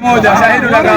moja shahidi moja.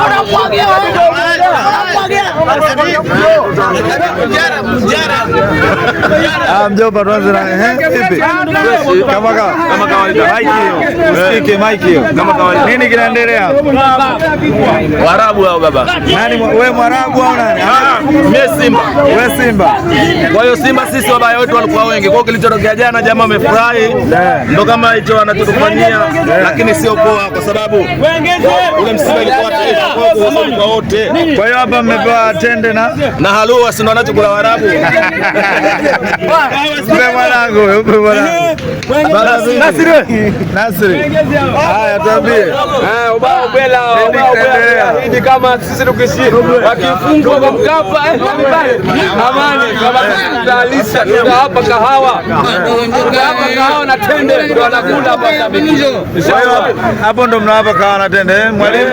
Mujara, Mujara. Ah, mjomba, tuanze na eh, vipi? Kama kama kawaida, usikike mike hiyo. Kama kawaida, nini kinaendelea? Waarabu hao baba. Nani wewe, Mwarabu au nani? Ah, ah, Mimi Simba. Wewe Simba. Kwa hiyo Simba sisi wabaya wetu walikuwa wengi. Kwa hiyo kilichotokea jana, jamaa amefurahi, eh. ndo kama hicho wanachotufanyia, eh. lakini sio poa, kwa sababu ule msiba ilikuwa taifa kwa wote. Kwa hiyo hapa mmepewa tende na na halua, si ndo wanachokula Waarabu. Nasiri, Nasiri, haya tuambie eh, ubao hidi kama sisi akifungwa kwa Mkapa amani, tutalisha tutawapa kahawa, tutawapa kahawa na tende wanakula hapo, ndo mnawapa kahawa na tende mwalimu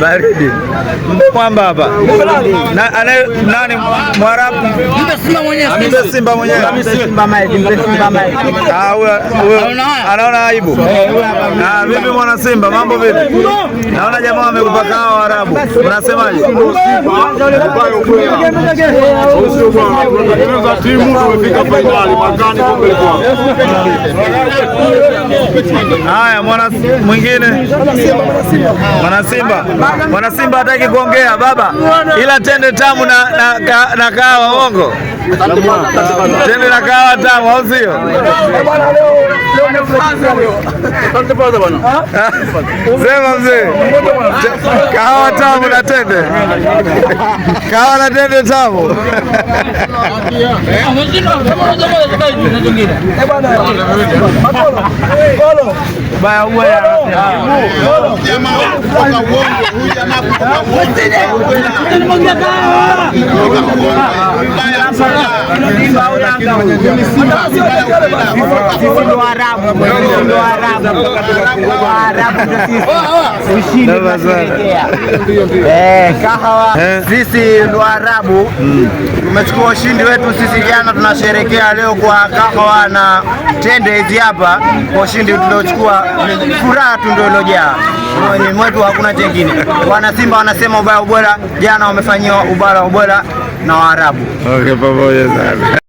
baridi mwamba hapa. Nani Mwarabu? Mpe Simba mwenyewe anaona aibu. Vipi mwana Simba, mambo vipi? Naona jamaa wamekupa kahawa Waarabu, unasemaje? tunatengeneza timu, tumefika fainali mwakani kombe Haya, mwana mwingine mwana Simba, mwana Simba hataki kuongea baba, ila tende tamu na, na, na, na tende na kaa tamu, au sio? Sema mzee, kahawa tamu na tende, kahawa na tende tamu. Sisi Waarabu, sisi ndo Arabu tumechukua ushindi wetu sisi jana, tunasherekea leo kwa kahawa na tende hizi hapa, kwa ushindi tuliochukua. Furaha tu ndio ilojaa moyoni mwetu, hakuna chengine. Wanasimba wanasema ubaya ubora, jana wamefanyiwa ubaya ubora na Waarabu. Okay, pamoja sana.